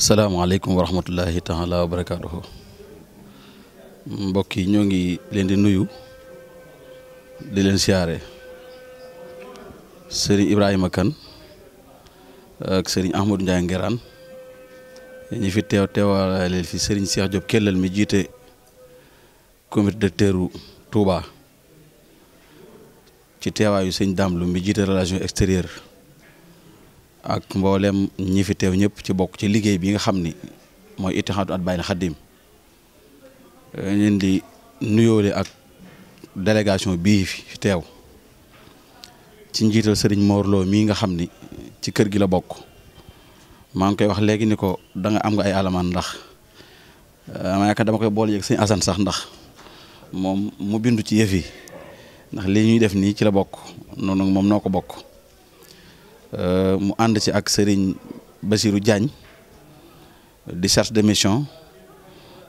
salaamaaleykum wa rahmatullahi taala wa barakaatuhu mbokk yi ñoo ngi leen di nuyu di leen siyaare sëriñ Ibrahima Kane ak sëriñ Ahmadou Ndiaye Nguérane ñi fi teew teewaaleel fi sëriñ Cheikh Diop Kellel mi jiite de directeur Touba ci teewaayu sëñ daam Loum mi jiite relation extérieure ak mboolem ñi fi teew ñëpp ci bokk ci liggéey bi nga xam ni mooy ittihaadu at bàyyil xaddim eh, leen di nuyoole ak délégation bii fi teew ci njiital sëriñ Morlo mii nga xam ni ci kër gi la bokk maa ngi koy wax léegi ni ko danga am nga ay alamaan ndax eh, ma yaakaar dama koy boole yeeg sëñ asan sax ndax moom mu bindu ci yëf yi ndax lii ñuy def nii ci la bokk noonu moom noo ko bokk. Euh, mu ànd ci ak sëriñ basiru Diagne di chargé de mission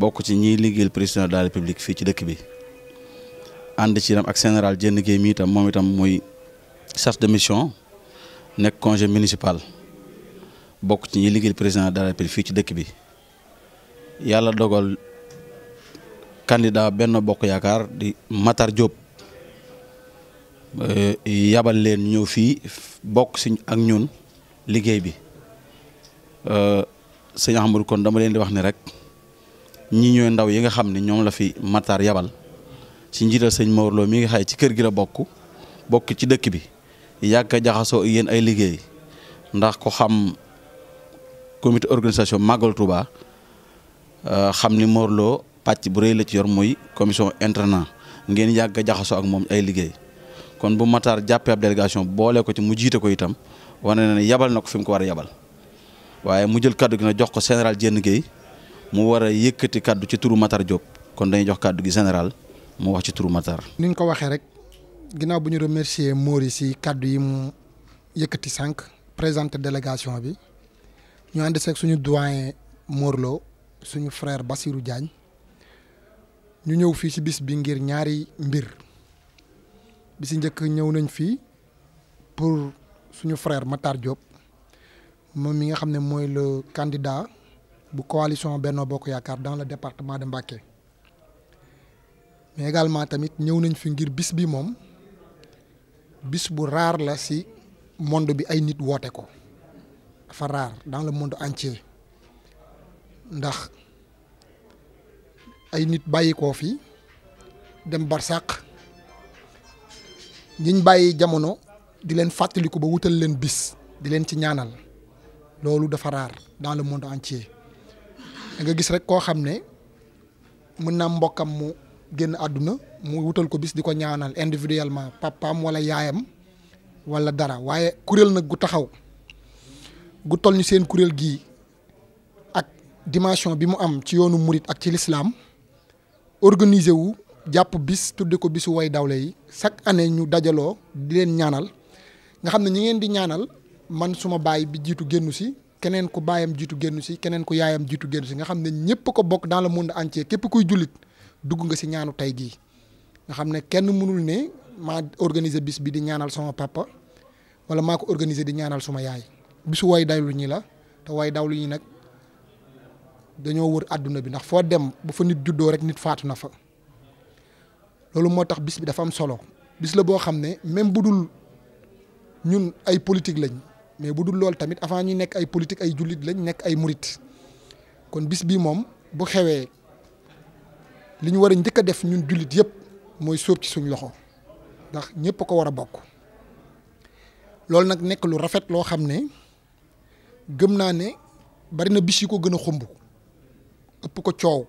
bokk ci ñiy liggéeyal président de la république fii ci dëkk bi ànd ci itam ak sénéral Diène Guèye mi moom itam mooy chargé de mission nekk congé municipal bokk ci ñiy liggéeyal président de la république fii ci dëkk bi yàlla dogal candidat benn bokk yaakaar di Matar Diop. Euh, yabal leen ñëw fii bokk si ak ñun liggéey bi euh, sëñ Ahmadou kon dama leen di wax ni rek ñi ñooy ndaw yi nga xam ne ñoom la fi Matar yabal si njiital sëñ Mor mi ngi xay ci kër gi la bokk bokk ci dëkk bi yàgg jaxasoo yéen ay liggéey ndax ko xam comité organisation Magal Touba euh, xam ni Mor Lo pàcc bu rëy la ci yor mooy commission internat ngeen yàgg jaxasoo ak moom ay liggéey. kon bu Matar jàppee ab délégation boole ko ci mu jiite ko itam wane na ne yabal na ko fi mu ko war a yabal waaye mu jël kaddu gi na jox ko général Diène Gueye mu war a yëkkati kàddu ci turu Matar Diop kon dañuy jox kàddu gi général mu wax ci turu Matar. ni ñu ko waxee rek ginnaaw bu ñu remercier Mori si kàddu yi mu yëkkati sànq présenté délégation bi ñu ànd seeg suñu doyen Morlo suñu frère bassiru Diagne ñu ñëw fii si bis bi ngir ñaari mbir. bi si njëkk ñëw nañ fii pour suñu frère Matar Diop moom mi nga xam ne mooy le candidat bu coalition Benno Bokk Yaakaar dans le département de Mbacké mais également tamit ñëw nañ fi ngir bis bi moom bis bu raar la si monde bi ay nit woote ko dafa raar dans le monde entier ndax ay nit bàyyi koo fi dem barsàq ñiñ bàyyi jamono di leen fàttaliku ba wutal leen bis di leen ci ñaanal loolu dafa raar dans le monde entier danga gis rek koo xam ne mën naa mbokkam mu génn àdduna mu wutal ko bis di ko ñaanal individuellement papaam wala yaayam wala dara waaye kuréel nag gu taxaw gu toll ñu seen kuréel gii ak dimension bi mu am ci yoonu murit ak ci lislaam organiser wu jàpp bis tudde ko bisu way dawle yi chaque année ñu dajaloo di leen ñaanal nga xam ne ñi ngeen di ñaanal man suma baay bi jiitu génnu si keneen ku baayam jiitu génn si keneen ku yaayam jiitu génnu si nga xam ne ñëpp ko bokk dans le monde entier képp kuy jullit dugg nga si ñaanu tey gii nga xam ne kenn mënul ne maa organiser bis bi di ñaanal sama papa wala maa ko organiser di ñaanal suma yaay bisu woy dawlu ñi la te woy dawlu ñi nag dañoo wër àdduna bi ndax foo dem bu fa nit juddoo rek nit faatu na fa loolu moo tax bis bi dafa am solo bis la boo xam ne même bu dul ñun ay politique lañ mais bu dul loolu tamit avant ñu nekk ay politique ay jullit lañ nekk ay murit kon bis bi moom bu xewee li ñu war a njëkk a def ñun jullit yëpp mooy sóob ci suñ loxo ndax ñëpp ko war a bokk loolu nag nekk lu rafet loo xam ne gëm naa ne bari na bis yi ko gën a xumb ëpp ko coow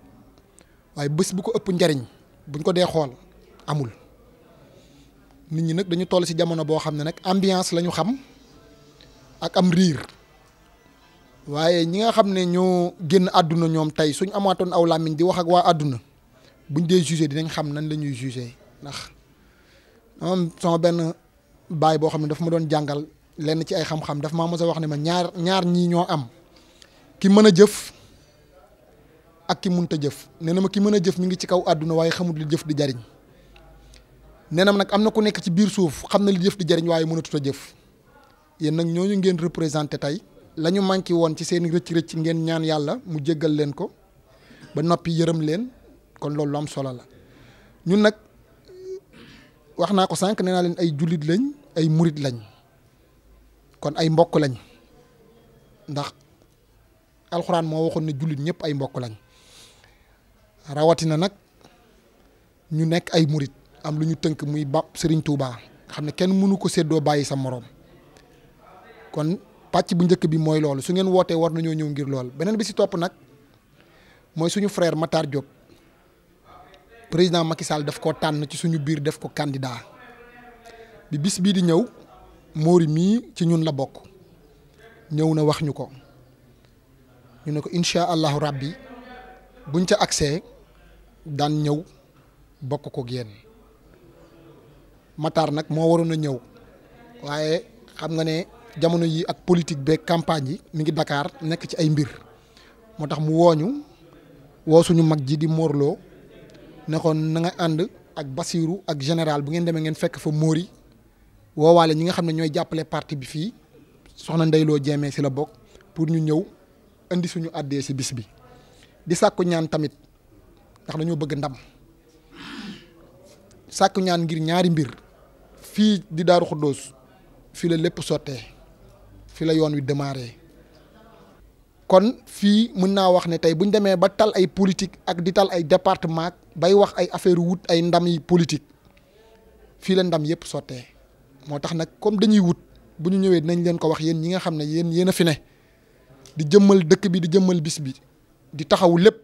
waaye bés bu ko ëpp njariñ buñ ko dee xool amul nit ñi nag dañu toll ci jamono boo xam ne nag ambiance la ñu xam ak am riir waaye ñi nga xam ne ñoo génn àdduna ñoom tey suñ amaatoon aw làmmiñ di wax ak waa àdduna buñ dee jugé dinañ xam nan la ñuy ndax moom sama benn baay boo xam ne daf ma doon jàngal lenn ci ay xam-xam daf ma mos a wax ne ma ñaar ñaar ñii ñoo am ki mën a jëf ak ki munta jëf nee na ma ki mën a jëf mi ngi ci kaw àdduna waaye xamul li jëf di jariñ nee na nag am na ku nekk ci biir suuf xam na li jëf di jariñ waaye mënatut a jëf yéen nag ñooñu ngeen représenté tey la ñu manqué woon ci seen rëcc-rëcc ngeen ñaan yàlla mu jéggal leen ko ba noppi yërëm leen kon loolu lu am solo la ñun nag wax naa ko sànq nee naa leen ay jullit lañ ay murit lañ kon ay mbokk lañ ndax alxuraan moo waxoon ne jullit ñëpp ay mbokk lañ rawatina nag ñu nekk ay murit am lu ñu tënk muy ba sëriñ Touba nga xam ne kenn mënu ko séddoo bàyyi sa moroom kon pàcc bu njëkk bi mooy loolu su ngeen wootee war nañoo ñëw ngir lool beneen bi si topp nag mooy suñu frère Matar Diop président Macky Sall daf ko tànn ci suñu biir def ko candidat bi bis bii di ñëw móori mii ci ñun la bokk ñëw na wax ñu ko ñu ne ko incha allahu rabbi buñ ca agsee daan ñëw bokk ko ak Matar nag moo waroon a ñëw waaye xam nga ne jamono yi ak politique beeg campagne yi mi ngi dakaar nekk ci ay mbir moo tax mu wooñu woo suñu mag ji di moorloo nekkoon nanga ànd ak Basirou ak général bu ngeen demee ngeen fekk fa Mori woowaale ñi nga xam ne ñooy jàppale parti bi fii soxna ndeyloo jeemee si la bokk pour ñu ñëw indi suñu àddee si bis bi di sàkku ñaan tamit ndax dañoo bëgg ndam sàkku ñaan ngir ñaari mbir fii di Daaru Xuddoos fii la lépp sottee fii la yoon wi démarré kon fii mën naa wax ne tey bu ñu demee ba tal ay politique ak di tal ay département bay wax ay affaire wut ay ndam yi politique fii la ndam yëpp sottee moo tax nag comme dañuy wut bu ñu ñëwee dinañ leen ko wax yéen ñi nga xam ne yéen yéen a fi ne di jëmmal dëkk bi di jëmmal bis bi di taxaw lépp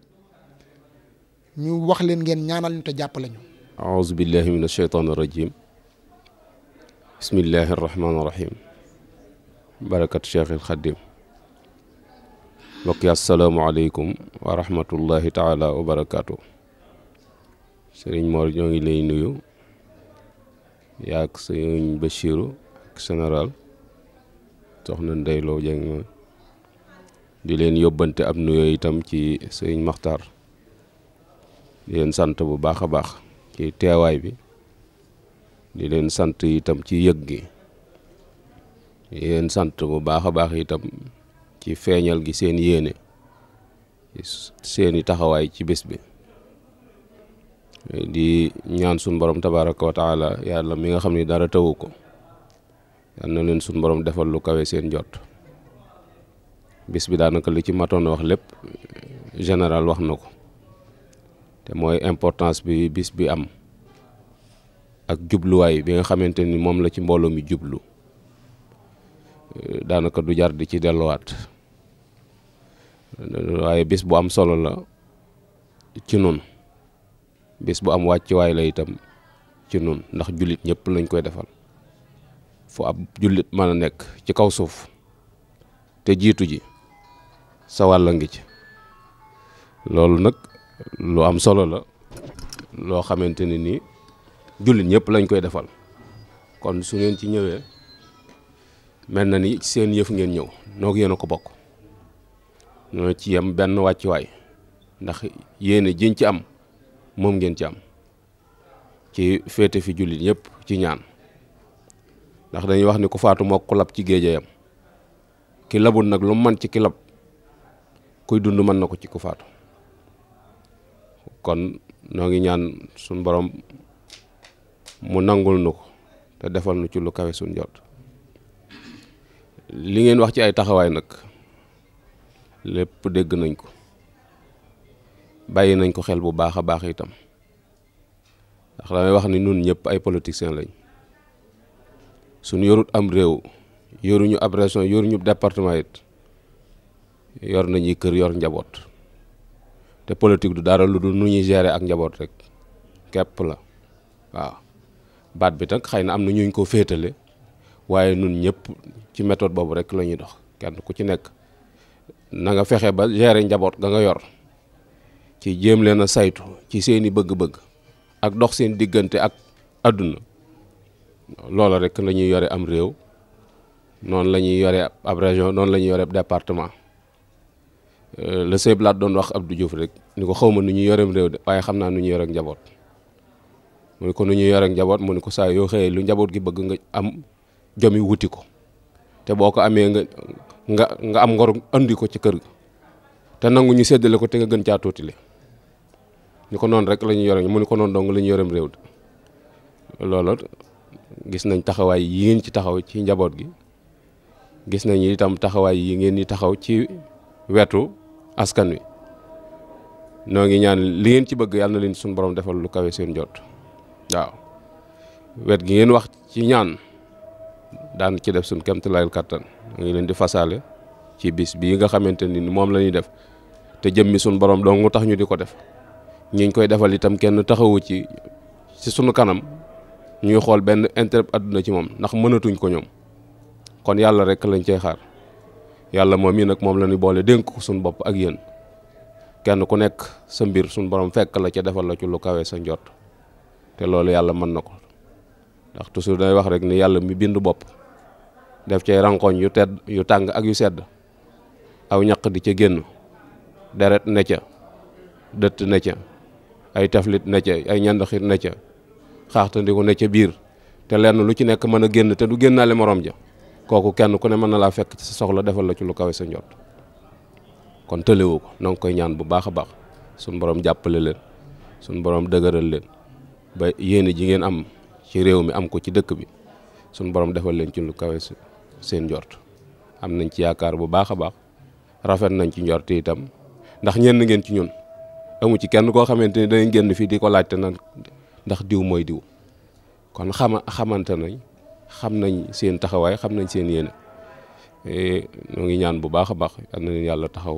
ñu wax leen ngeen ñaanal ñu te jàppale ñu. aouzu billahi mina shaytaani rajim bismillahi irrahmaani irrahim barakat Cheikh Xaddim mbokk yi asalaamualeykum wa taala wa barakaatu sëriñ Mor ñoo ngi lay nuyu yaag sëriñ Bachiru ak général soxna Ndeyloo Jeng di leen yóbbante ab nuyoo itam ci sëriñ Maxtaar di leen sant bu baax a baax ci teewaay bi di leen sant itam ci yëg gi yeen sant bu baax a baax itam ci feeñal gi seen yéene seeni taxawaay ci bis bi di ñaan sun borom tabaraka wa yàlla mi nga xam ni dara tawu ko yal na leen sun borom defal lu kawe seen jot bis bi daanaka li ci matoon wax lépp général wax na ko te mooy importance bi bis bi am ak jubluwaay bi nga xamante ni moom la ci mbooloo mi jublu eh, daanaka du jar di ci delluwaat waaye bis bu am solo la ci nun bis bu am wàccuwaay la itam ci nun ndax jullit ñëpp lañ koy defal fu ab jullit mën a nekk ci kaw suuf te jiitu ji sa wàll ngi ci loolu nag lu am solo la loo xamante ni nii jullit ñëpp lañ koy defal kon su ngeen ci ñëwee mel na ni seen yëf ngeen ñëw noo ko yéen ko bokk ñoo ci yem benn wàccuwaay ndax yéene jiñ ci am moom ngeen ci am ci féete fi jullit ñëpp ci ñaan ndax dañuy wax ni ku faatu moo ku lab ci géejeyam ki labul nag lu man ci ki lab kuy dund mën na ko ci ku faatu kon noo ngi ñaan suñu borom mu nangul nu ko te defal nu ci lu kawe suñ jot li ngeen wax ci ay taxawaay nag lépp dégg nañ ko bàyyi nañ ko xel bu baax a baax itam ndax damay wax ni nun ñëpp ay politiciens lañ suñ yorut am réew yoruñu ab yoru ñu département it yor nañuy kër yor njaboot te politique du dara lu dul nu ñuy gérer ak njaboot rek kepp la waaw baat bi nag xëy na am na ñuñ ko féetale waaye nun ñëpp ci méthode boobu rek la ñuy dox kenn ku ci nekk na nga fexe ba gérer njaboot ga nga yor ci jéem leen saytu ci seeni bëgg-bëgg ak dox seen diggante ak àdduna loola rek la ñuy yore am réew noonu la ñuy yore ab région noonu la ñuy yore ab département euh, le sëñ Blaat doon wax Abdou Diouf rek ni ko xawma nu ñuy yorem réew de waaye xam naa nu ñuy yore ak njaboot mu ne ko yore njaboot mu ne ko saa yoo xëyee lu njaboot gi bëgg nga am jomi wuti ko te boo ko amee nga nga nga am ngoru andi ko ci kër ga te nangu séddale ko te nga gën caa tuutile ñu ko noonu rek la ñuy yore mu ko noonu dong la ñu yorem réew loolu gis nañ taxawaay yi ngeen ci taxaw ci njaboot gi gis nañ itam taxawaay yi ngeen di taxaw ci wetu askan wi noo ngi ñaan li ngeen ci bëgg yàlla na leen suñ borom defal lu kawee seen jot waaw wet gi ngeen wax ci ñaan daan ci def suñ kemtalaayal kàttan ngi leen di fasaale ci bis bii nga xamante ni moom la def te jëmmi suñ borom dong tax ñu di ko def ñi ñu koy defal itam kenn taxawu ci ci sunu kanam ñuy xool benn intérêt àdduna ci moom ndax mënatuñ ko ñoom kon yàlla rekk lañ cey xaar yàlla moom mii nag moom la ñu boole dénk ko suñu bopp ak yéen kenn ku nekk sa mbir suñu borom fekk la ca defal la ci lu kawee sa njort te loolu yàlla mën na ko ndax toujours day wax rek ni yàlla mi bind bopp def cay rankoñ yu tedd yu tàng ak yu sedd aw ñaq di ca génn deret ne ca dëtt ne ca ay taflit ne ca ay ñandaxit ne ca xaaxtandiku ne ca biir te lenn lu ci nekk mën a génn te du génnaale morom ja kooku kenn ku ne mën na laa fekk ci sa soxla defal la ci lu kawe sa njot kon tëlewu ko na koy ñaan bu baax a baax suñ borom jàppale leen suñ borom dëgëral leen ba yéene ji ngeen am ci réew mi am ko ci dëkk bi suñu borom defal leen ci lu kawe seen njort am nañ ci yaakaar bu baax a baax rafet nañ ci njort itam ndax ñenn ngeen ci ñun amu ci kenn koo xamante ni danañ génn fii di ko laajte nan ndax diw mooy diw kon xama xamante xam nañ seen taxawaay xam nañ seen yéene eh, ñoo ngi ñaan bu baax a baax am na leen yàlla taxaw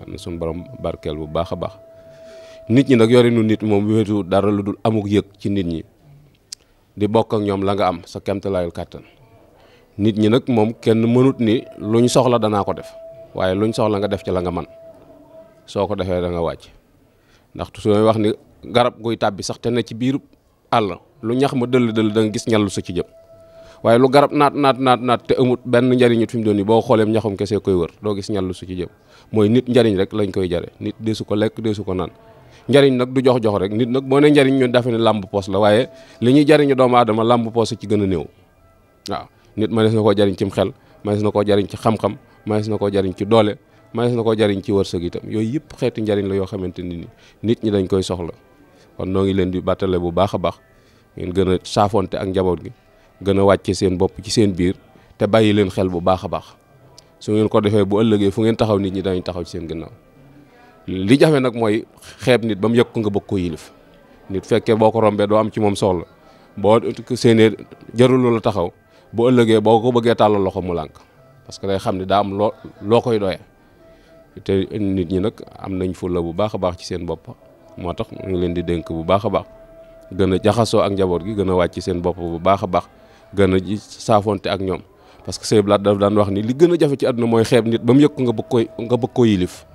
yal na suñu borom barkeel bu baax a baax nit ñi nag yorinu nit moom wéetu dara lu dul amuk yëg ci nit ñi di bokk ak ñoom la nga am sa kemtalaayul kàttan nit ñi nag moom kenn mënut ni luñ soxla danaa ko def waaye luñ soxla nga def ci la nga man soo ko defee da nga wàcc ndax su wax ni garab guy tàbbi sax te ci biir àll lu ñax ma dëll dëll da nga gis ñallu su ci jëm waaye lu garab naat naat naat naat te amut benn njariñut fi mu doon yi boo xooleem ñaxum kese koy wër doo gis ñallu su ci jëm mooy nit njariñ rek lañ koy jare nit deesu ko lekk deesu ko naan njariñ nag du jox jox rek nit nag boo ne njariñ ñun dafa ne làmb poos la waaye li ñuy jariñu doomu aadama làmb poos ci gën a néew waaw nit mënees na koo jariñ cim xel mënees na koo jariñ ci xam-xam mënees na koo jariñ ci doole mënees na koo jariñ ci wërsëg itam yooyu yëpp xeetu njariñ la yoo xamante ni nit ñi dañ koy soxla kon noo ngi leen di bàttale bu baax a baax ngeen gën a saafonte ak njaboot gi gën a wàcce seen bopp ci seen biir te bàyyi leen xel bu baax a baax su ngeen ko defee bu ëllëgee fu ngeen nit ñi dañu taxaw ci seen ginnaaw li jafe nag mooy xeeb nit ba mu yëg ko nga bëgg ko yilif nit fekkee boo ko rombee doo am ci moom soxla boo séenee jarul la taxaw bu ëllëgee boo ko bëggee tàllal loxo mu lànk parce que day xam ne daa am loo loo koy doyee te nit ñi nag am nañ fulla bu baax a baax ci seen bopp moo tax mu ngi leen di dénk bu baax a baax gën a jaxasoo ak njaboot gi gën a wàcc seen bopp bu baax a baax gën a ji saafonte ak ñoom parce que Sèye Blaat daf daan wax ni li gën a jafe ci àdduna mooy xeeb nit ba mu nga bëgg koy nga bëgg ko yilif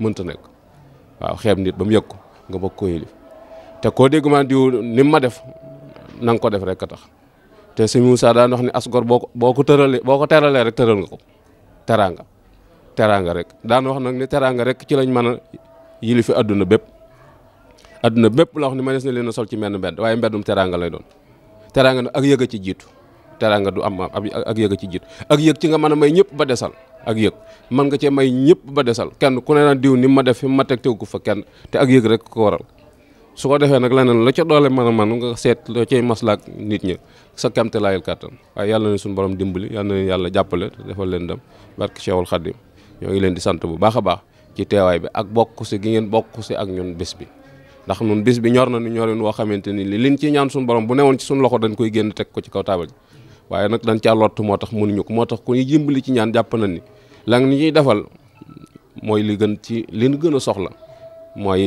mënta nekk. waaw xeeb nit ba mu yëg ko nga bëgg ko yëlif te koo dégg ma diw ni mu ma def na ko def rek a tax te si Moussa daan wax ni as gor boo ko boo ko tëralee boo ko teralee rek tëral nga ko teraanga teraanga rek daan wax nag ni teraanga rek ci lañ mën a yilifi adduna bépp adduna bépp la wax ni mënees na leen a sol ci menn mbedd waaye mbennum teraanga lay doon teraanga nag ak yëg a ci jiitu teraanga du am ak yëg a ci jiitu ak yëg ci nga mën a may ñëpp ba desal ak yëg man nga cee may ñëpp ba desal kenn ku ne na diw ni ma def fi ma teg tegu ko fa kenn te ak yëg rek ko waral su ko defee nag leneen la ca doole mën a man nga seet la cay maslaak nit ñi sa kemte laayil kàttan waaye yàlla na suñu borom dimbali yàlla na yàlla jàppale defal leen dem barke Cheikhul Khadim ñoo ngi leen di sant bu baax a baax ci teewaay bi ak bokk si gi ngeen bokk si ak ñun bés bi ndax ñun bés bi ñor na nu ñorin woo xamante ni li liñ ci ñaan suñu borom bu newoon ci suñu loxo dañ koy génn ko ci kaw taabal ji waaye nag dañ caa lott moo tax mënuñu ko moo tax ku ñuy jëmbali ci ñaan jàpp nañ ni la nga ni ñuy defal mooy li gën ci li ñu gën a soxla mooy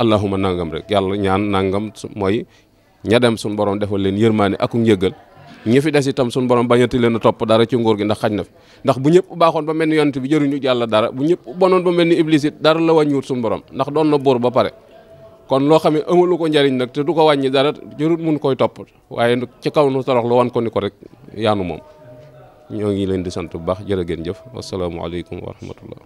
allahuma nangam rek yàlla ñaan nangam mooy ña dem suñu borom defal leen yërmaane ak njëgal ñi fi des itam suñu borom bañati leen a topp dara ci nguur gi ndax xaj na fi ndax bu ñëpp baaxoon ba mel ni yonent bi jëruñu yàlla dara bu ñëpp bonoon ba mel ni iblis dara la wàññiwut suñu borom ndax doon na buur ba pare kon loo xam ne amalu ko njariñ nag te du ko wàññi dara jërut mun koy topp waaye ci kaw nu torox lu wan ko ni ko rek yaanu moom ñoo ngi leen di sant bu baax jërë jëf wasalaamualeykum wa rahmatullah